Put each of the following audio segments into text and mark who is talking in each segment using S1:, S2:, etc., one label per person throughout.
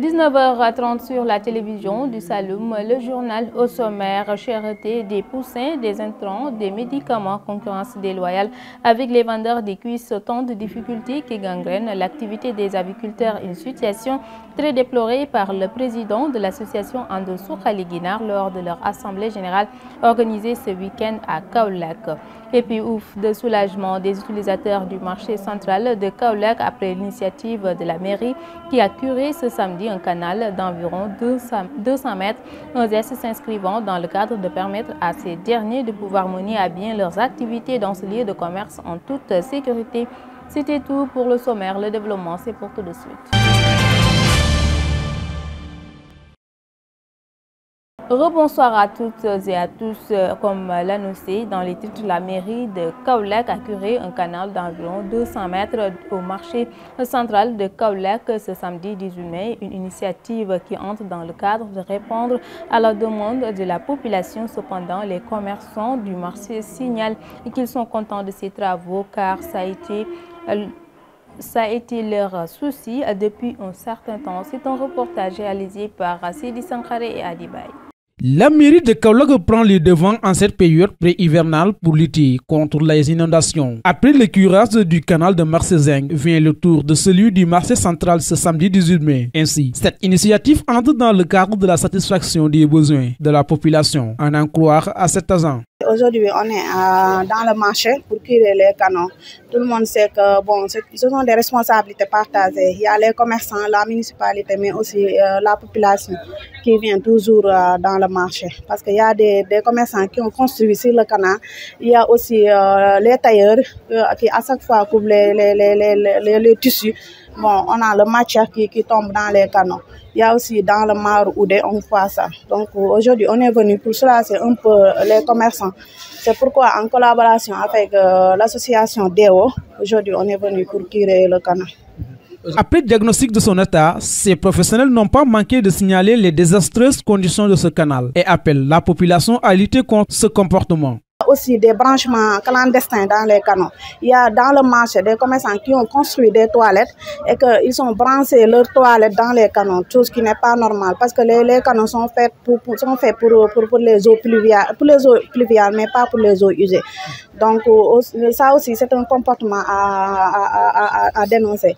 S1: 19h30 sur la télévision du Saloum, le journal au sommaire, chéreté des poussins, des intrants, des médicaments, concurrence déloyale avec les vendeurs des cuisses, tant de difficultés qui gangrènent l'activité des agriculteurs une situation très déplorée par le président de l'association Andosou Khali lors de leur assemblée générale organisée ce week-end à Kaoulak. Et puis ouf de soulagement des utilisateurs du marché central de Kaoulak après l'initiative de la mairie qui a curé ce samedi un canal d'environ 200 mètres, Nos S s'inscrivant dans le cadre de permettre à ces derniers de pouvoir mener à bien leurs activités dans ce lieu de commerce en toute sécurité. C'était tout pour le sommaire. Le développement, c'est pour tout de suite. Rebonsoir à toutes et à tous. Euh, comme l'annoncé dans les titres, la mairie de Kaulak a curé un canal d'environ 200 mètres au marché central de Kaulak ce samedi 18 mai. Une initiative qui entre dans le cadre de répondre à la demande de la population. Cependant, les commerçants du marché signalent qu'ils sont contents de ces travaux car ça a été ça a été leur souci depuis un certain temps. C'est un reportage réalisé par Sidi Sankaré et Adibaye.
S2: La mairie de Kaolack prend les devants en cette période pré-hivernale pour lutter contre les inondations. Après le cuirasse du canal de Marseille-Zeng, vient le tour de celui du marché central ce samedi 18 mai. Ainsi, cette initiative entre dans le cadre de la satisfaction des besoins de la population, en en à cet agent.
S3: Aujourd'hui, on est euh, dans le marché pour curer les canons. Tout le monde sait que bon, ce, sont des responsabilités partagées. Il y a les commerçants, la municipalité, mais aussi euh, la population qui vient toujours euh, dans le marché. Parce qu'il y a des, commerçants qui ont construit sur le canal. Il y a aussi les tailleurs qui à chaque fois couvrent les, les, les, les tissus Bon, on a le matcha qui, qui tombe dans les canaux. Il y a aussi dans le mar où des on voit ça. Donc aujourd'hui, on est venu pour cela, c'est un peu les commerçants. C'est pourquoi en collaboration avec euh, l'association DEO, aujourd'hui, on est venu pour tirer le canal.
S2: Après le diagnostic de son état, ces professionnels n'ont pas manqué de signaler les désastreuses conditions de ce canal et appellent la population à lutter contre ce comportement
S3: aussi des branchements clandestins dans les canons. Il y a dans le marché des commerçants qui ont construit des toilettes et qu'ils ont branché leurs toilettes dans les canons, chose qui n'est pas normal parce que les, canons sont faits pour, les eaux pluviales, pour les eaux pluviales, mais pas pour les eaux usées. Donc ça aussi, c'est un comportement à, à dénoncer.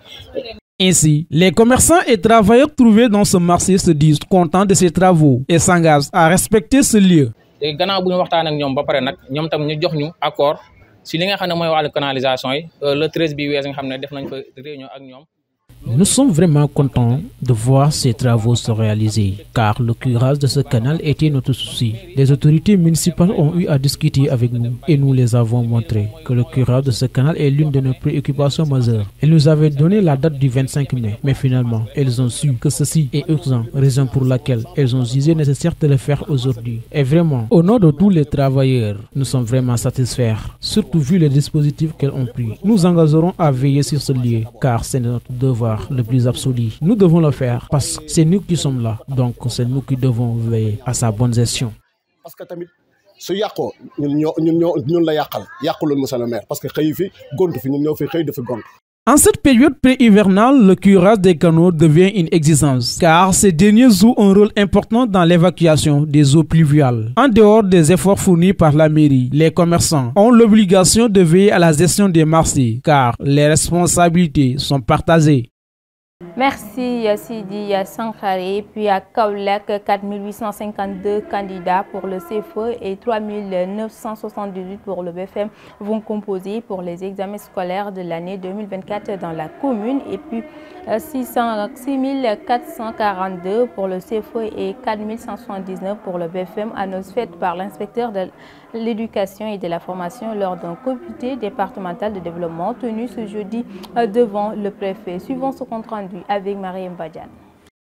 S2: Ainsi, les commerçants et travailleurs trouvés dans ce marché se disent contents de ces travaux et s'engagent à respecter ce lieu. léegi gannaaw bu ñu waxtaan ak ñoom ba pare nag ñoom tam ñu jox ñu accord si li nga xam ne mooy wàllu canalisation yi euh, le treize bi wees nga xam ne def nañ fa réunion ak ñoom Nous sommes vraiment contents de voir ces travaux se réaliser, car le curage de ce canal était notre souci. Les autorités municipales ont eu à discuter avec nous et nous les avons montré que le curage de ce canal est l'une de nos préoccupations majeures. Elles nous avaient donné la date du 25 mai, mais finalement, elles ont su que ceci est urgent, raison pour laquelle elles ont jugé nécessaire de le faire aujourd'hui. Et vraiment, au nom de tous les travailleurs, nous sommes vraiment satisfaits, surtout vu les dispositifs qu'elles ont pris. Nous engagerons à veiller sur ce lieu, car c'est notre devoir le plus absolu. Nous devons le faire parce que c'est nous qui sommes là. Donc, c'est nous qui devons veiller à sa bonne gestion. En cette période pré-hivernale, le curage des canaux devient une existence car ces derniers jouent un rôle important dans l'évacuation des eaux pluviales. En dehors des efforts fournis par la mairie, les commerçants ont l'obligation de veiller à la gestion des marchés, car les responsabilités sont partagées.
S1: Merci Sidi et Puis à Kaulak, 4852 candidats pour le CFE et 3978 pour le BFM vont composer pour les examens scolaires de l'année 2024 dans la commune. Et puis 6442 euh, pour le CFE et 4179 pour le BFM, annonce faite par l'inspecteur de l'éducation et de la formation lors d'un comité départemental de développement tenu ce jeudi euh, devant le préfet. Suivant ce compte rendu avec marie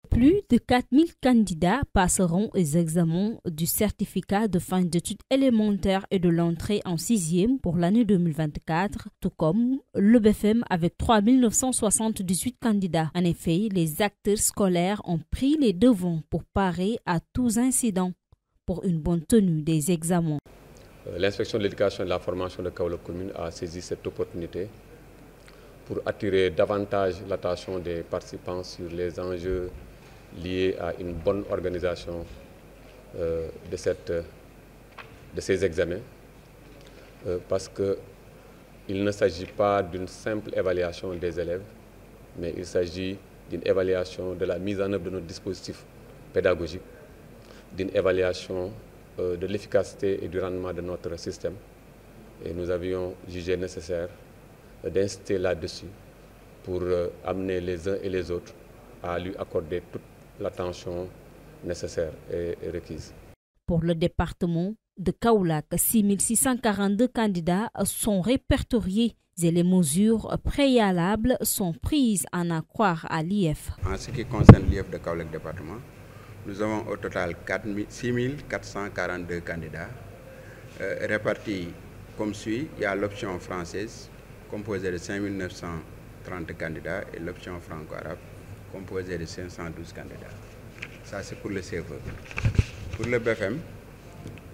S4: Plus de 4000 candidats passeront les examens du certificat de fin d'études élémentaires et de l'entrée en sixième pour l'année 2024, tout comme le BFM avec 978 candidats. En effet, les acteurs scolaires ont pris les devants pour parer à tous incidents pour une bonne tenue des examens.
S5: Euh, l'inspection de l'éducation et de la formation de Kaolo Commune a saisi cette opportunité pour attirer davantage l'attention des participants sur les enjeux liés à une bonne organisation euh, de, ces examens, euh, parce qu'il ne s'agit pas d'une simple évaluation des élèves, mais il s'agit d'une évaluation de la mise en œuvre de notre dispositif pédagogique, d'une évaluation euh, de l'efficacité et du rendement de notre système. Et nous avions jugé nécessaire d'insister là-dessus pour euh, amener les uns et les autres à lui accorder toute l'attention nécessaire et, requise.
S4: Pour le département de Kaulak, 642 candidats sont répertoriés et les mesures préalables sont prises en accord à l'IF.
S6: En ce qui concerne l'IF de Kaoulak département, nous avons au total 442 candidats euh, répartis comme suit. Il y a l'option française composé de 5930 candidats et l'option franco-arabe composée de 512 candidats. Ça, c'est pour le CFE. Pour le BFM,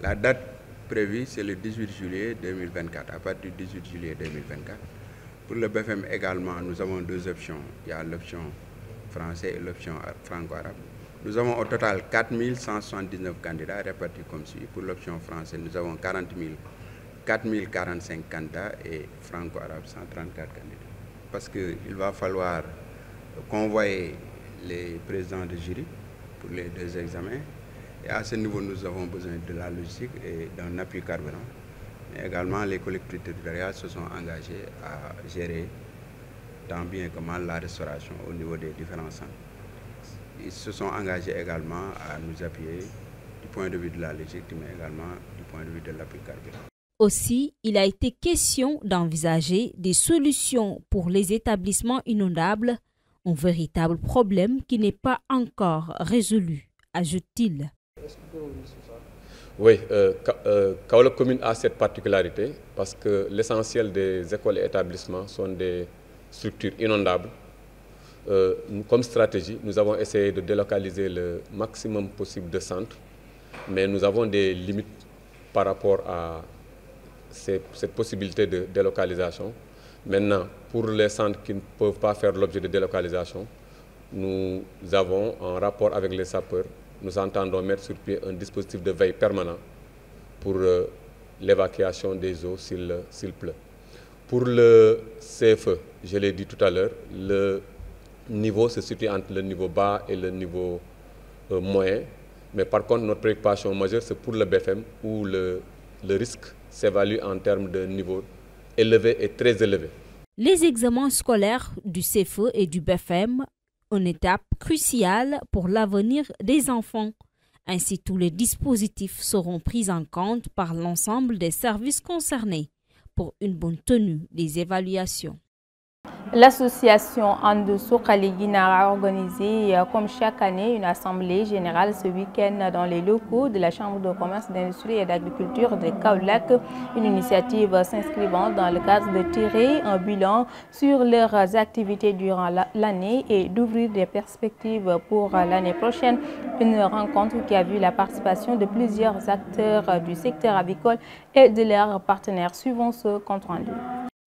S6: la date prévue, c'est le 18 juillet 2024, à partir du 18 juillet 2024. Pour le BFM également, nous avons deux options. Il y a l'option français et l'option franco-arabe. Nous avons au total 4179 candidats répartis comme suit. Pour l'option française, nous avons 40 000 4045 candidats et franco arabe 134 candidats. Parce qu'il va falloir convoyer les présidents de jury pour les deux examens. Et à ce niveau, nous avons besoin de la logistique et d'un appui carburant. Mais également, les collectivités territoriales se sont engagées à gérer tant bien que mal la restauration au niveau des différents centres. Ils se sont engagés également à nous appuyer du point de vue de la logistique, mais également du point de vue de l'appui carburant.
S4: Aussi, il a été question d'envisager des solutions pour les établissements inondables, un véritable problème qui n'est pas encore résolu, ajoute-t-il.
S5: Oui, euh, euh Commune a cette particularité parce que l'essentiel des écoles et établissements sont des structures inondables. Euh, comme stratégie, nous avons essayé de délocaliser le maximum possible de centres, mais nous avons des limites par rapport à cette possibilité de délocalisation. Maintenant, pour les centres qui ne peuvent pas faire l'objet de délocalisation, nous avons, en rapport avec les sapeurs, nous entendons mettre sur pied un dispositif de veille permanent pour euh, l'évacuation des eaux s'il pleut. Pour le CFE, je l'ai dit tout à l'heure, le niveau se situe entre le niveau bas et le niveau euh, moyen. Mais par contre, notre préoccupation majeure, c'est pour le BFM où le, le risque s'évalue en termes de niveau élevé et très élevé.
S4: Les examens scolaires du CFE et du BFM, une étape cruciale pour l'avenir des enfants. Ainsi, tous les dispositifs seront pris en compte par l'ensemble des services concernés pour une bonne tenue des évaluations.
S1: L'association Andosso Guinara a organisé, euh, comme chaque année, une assemblée générale ce week-end dans les locaux de la Chambre de commerce, d'industrie et d'agriculture de Kaulak. Une initiative s'inscrivant dans le cadre de tirer un bilan sur leurs activités durant l'année et d'ouvrir des perspectives pour l'année prochaine. Une rencontre qui a vu la participation de plusieurs acteurs du secteur agricole et de leurs partenaires. suivant ce compte rendu.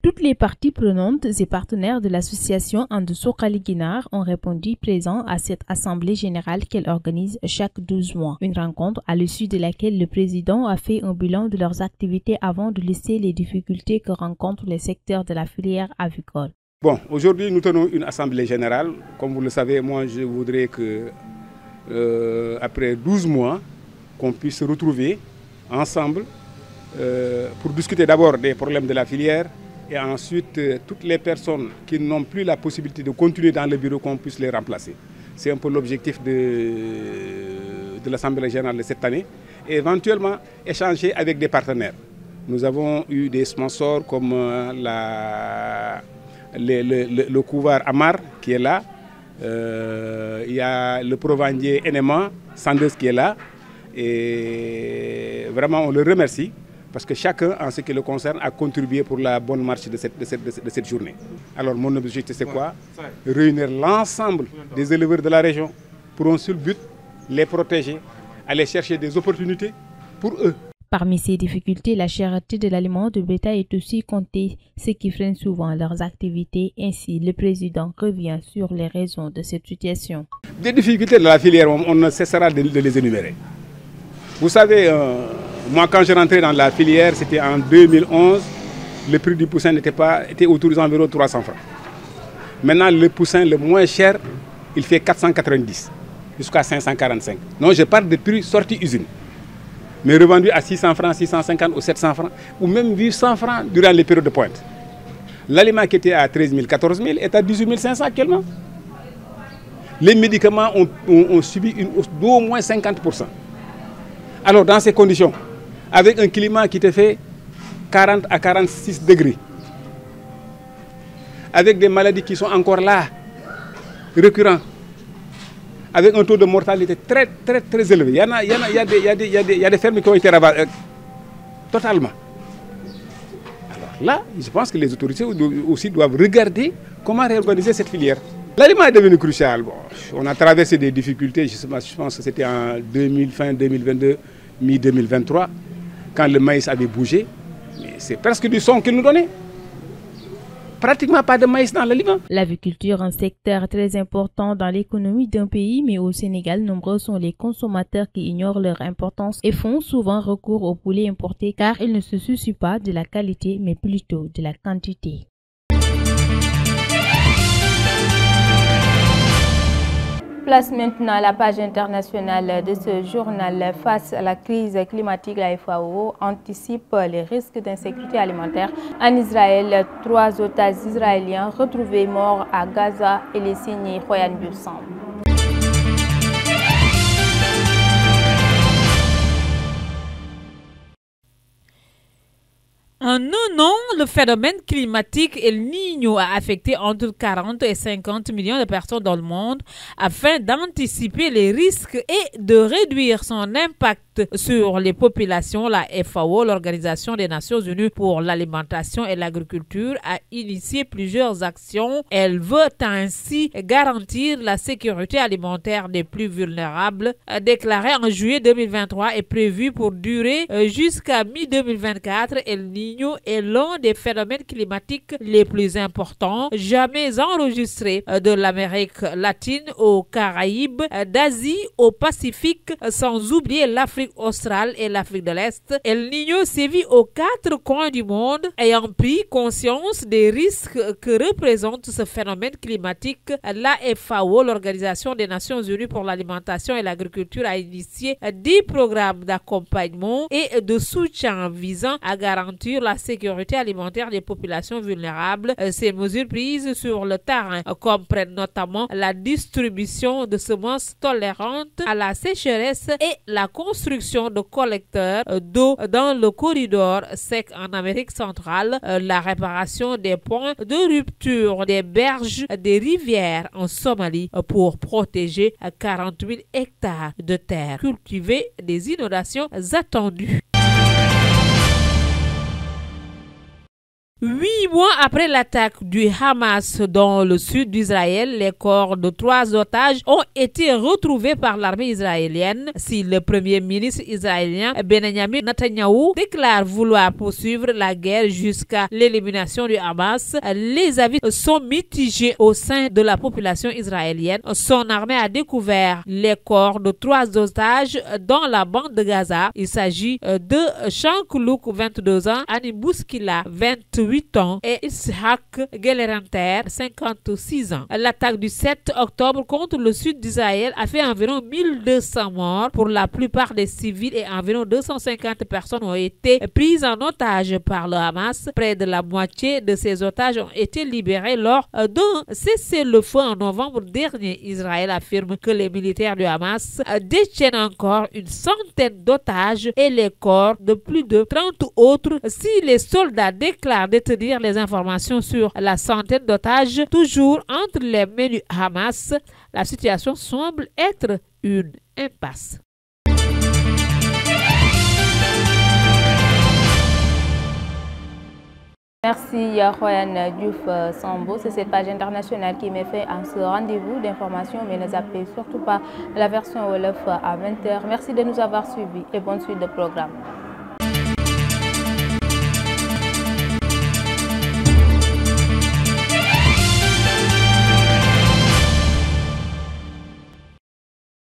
S1: Toutes les parties prenantes et partenaires de l'association Andesokali Guinard ont répondu présents à cette assemblée générale qu'elle organise chaque 12 mois. Une rencontre à l'issue de laquelle le président a fait un bilan de leurs activités avant de laisser les difficultés que rencontrent les secteurs de la filière avicole.
S7: Bon, aujourd'hui nous tenons une assemblée générale. Comme vous le savez, moi je voudrais que euh, après 12 mois, qu'on puisse se retrouver ensemble euh, pour discuter d'abord des problèmes de la filière, et ensuite euh, toutes les personnes qui n'ont plus la possibilité de continuer dans le bureau qu'on puisse les remplacer. C'est un peu l'objectif de, l'Assemblée générale de cette année éventuellement échanger avec des partenaires. Nous avons eu des sponsors comme euh, le, le, Amar qui est là, euh, il y a le Provendier NMA, Sandes qui est là et vraiment on le remercie parce que chacun, en ce qui le concerne, a contribué pour la bonne marche de cette, journée. Alors mon objectif, c'est quoi Réunir l'ensemble des éleveurs de la région pour un seul but, les protéger, aller chercher des opportunités
S1: pour eux. Parmi ces difficultés, la charité de l'aliment de bétail est aussi comptée, ce qui freine souvent leurs activités. Ainsi, le président revient sur les raisons de cette situation.
S7: Des difficultés de la filière, on ne cessera de les énumérer. Vous savez, euh, moi, quand je rentrais dans la filière, c'était en 2011, le prix du poussin n'était pas, était autour d'environ 300 francs. Maintenant, le poussin le moins cher, il fait 490 jusqu'à 545. Non, je parle de prix sorti usine. Mais revendu à 600 francs, 650 ou 700 francs, ou même 800 francs durant les périodes de pointe. L'aliment qui était à 13 000, 14 000 est à 18 500 actuellement. Les médicaments ont subi une hausse d'au moins 50 alors, dans ces conditions, avec un climat qui te fait 40 à 46 degrés, avec des maladies qui sont encore là, récurrentes, avec un taux de mortalité très, très, très élevé. Il y, a, des, fermes qui ont été ravagées euh, totalement. Alors là, je pense que les autorités aussi doivent regarder comment réorganiser cette filière. L'aliment est devenu crucial. on a traversé des difficultés, je, pense que c'était en fin 2022, mi-2023 quand le maïs avait bougé, c'est presque du son qu'il nous donnait.
S1: Pratiquement pas de maïs dans le Liban. L'agriculture, un secteur très important dans l'économie d'un pays, mais au Sénégal, nombreux sont les consommateurs qui ignorent leur importance et font souvent recours aux poulet importés car ils ne se soucient pas de la qualité, mais plutôt de la quantité. Place maintenant la page internationale de ce journal. Face à la crise climatique, la FAO anticipe les risques d'insécurité alimentaire. En Israël, trois otages israéliens retrouvés morts à Gaza et les signes Royan Bursam.
S8: En un an, le phénomène climatique El Niño a affecté entre 40 et 50 millions de personnes dans le monde. Afin d'anticiper les risques et de réduire son impact sur les populations, la FAO, l'Organisation des Nations Unies pour l'alimentation et l'agriculture, a initié plusieurs actions. Elle veut ainsi garantir la sécurité alimentaire des plus vulnérables, déclarée en juillet 2023 et prévue pour durer euh, jusqu'à mi-2024. El Niño est l'un des phénomènes climatiques les plus importants jamais enregistrés euh, de l'Amérique latine aux Caraïbes, euh, d'Asie au Pacifique, sans oublier l'Afrique Austral australe et l'Afrique de l'Est, El Niño sévit aux quatre coins du monde, ayant pris conscience des risques que représente ce phénomène climatique. La FAO, l'Organisation des Nations Unies pour l'alimentation et l'agriculture, a initié des programmes d'accompagnement et de soutien visant à garantir la sécurité alimentaire des populations vulnérables. Euh, ces mesures prises sur le terrain comprennent notamment la distribution de semences tolérantes à la sécheresse et la construction de collecteurs euh, d'eau dans le corridor sec en Amérique centrale, euh, la réparation des points de rupture des berges des rivières en Somalie euh, pour protéger 48 hectares de terre cultivées des inondations attendues. Huit mois après l'attaque du Hamas dans le sud d'Israël, les corps de trois otages ont été retrouvés par l'armée israélienne. Si le premier ministre israélien Benjamin Netanyahu déclare vouloir poursuivre la guerre jusqu'à l'élimination du Hamas, les avis sont mitigés au sein de la population israélienne. Son armée a découvert les corps de trois otages dans la bande de Gaza. Il s'agit euh, de Shanklouk, 22 ans, Annie Bouskila, 28 ans, et 56 ans. L'attaque du 7 octobre contre le sud d'Israël a fait environ 1200 morts pour la plupart des civils et environ 250 personnes ont été prises en otage par le Hamas. Près de la moitié de ces otages ont été libérés lors d'un cessez-le-feu en novembre dernier. Israël affirme que les militaires du Hamas détiennent encore une centaine d'otages et les corps de plus de 30 autres si les soldats déclarent dire les informations sur la centaine d'otages toujours entre les mains du Hamas. La situation
S1: semble être une impasse. Merci Royan Diouf Sambo. C'est cette page internationale qui m'est fait un rendez-vous d'informations, mais ne zappez surtout pas la version OLEF à 20h. Merci de nous avoir suivis et bonne suite de programme.